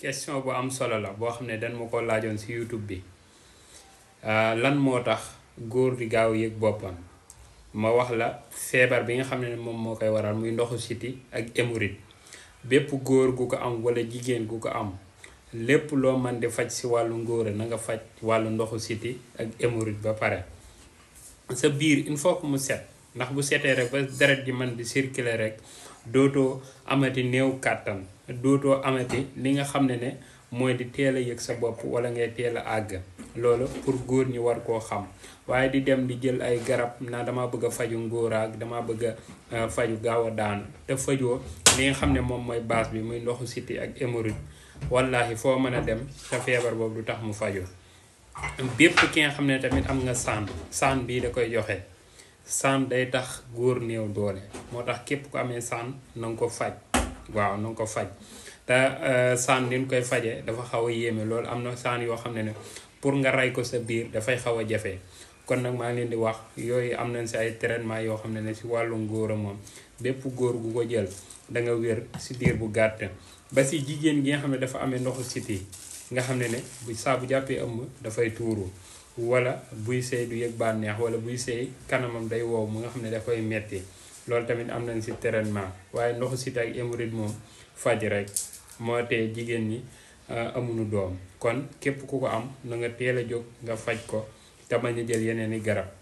question bu am solo la boo xam ne dañ ma ko laajoon ci YouTube bi euh, lan moo tax góor di gaaw yëg boppam ma wax la feebar bi nga xam ne moom moo koy waral muy ndoxu siti ak hémorroïde bépp góor gu ko am walla jigéen gu ko am lépp loo mën di faj ci wàllu ngóora na nga faj wàllu ndoxu siti ak hémorroïde ba pare sa biir il faut que mu set ndax bu setee rek ba deret ji mën di sirkile rek dootoo amati néew kàttan dootoo amati li nga xam ne ne mooy di teel a yëg sa bopp wala ngay teel a àgg loolu pour góor ñi war koo xam waaye di dem di jël ay garab naa dama bëgg a faju ngóoraak dama bëgg a e, faju gaaw a daanu te fajoo li nga xam ne moom mooy baas bi muy ndoxu siti ak hémorroïde wallahi foo mën a dem sa feebar boobu du tax mu faju bépp ki nga xam ne tamit am nga saan saan bii da koy joxe saan day tax góor néew doole moo tax képp ku amee saan na nga ko faj waaw na nga ko faj te euh, saan ni koy faje dafa xaw a yéeme loolu am na saan yoo xam ne ne pour nga rey ko sa biir dafay xaw a jafe kon nag maa ngi leen di wax yooyu am nañ si ay traitement yoo xam ne ne si wàllum ngóor a moom bépp góor gu ko jël da nga wér si diir bu gàtt ba si jigéen gi nga xam ne dafa amee ndoxu siti nga xam ne ne bu saa bu jàppee ëmb dafay tuuru wala buy seey du yëg bànneex wala buy seey kanamam day wow mu nga xam ne dafay koy metti loolu tamit am nañ si traitement waaye ndoxu siti ak hémorroïde moom faj rek moo tee jigéen ñi euh, amuñu doom kon képp ku ko am na nga teel a jóg nga faj ko te bañ a jël yeneen i garab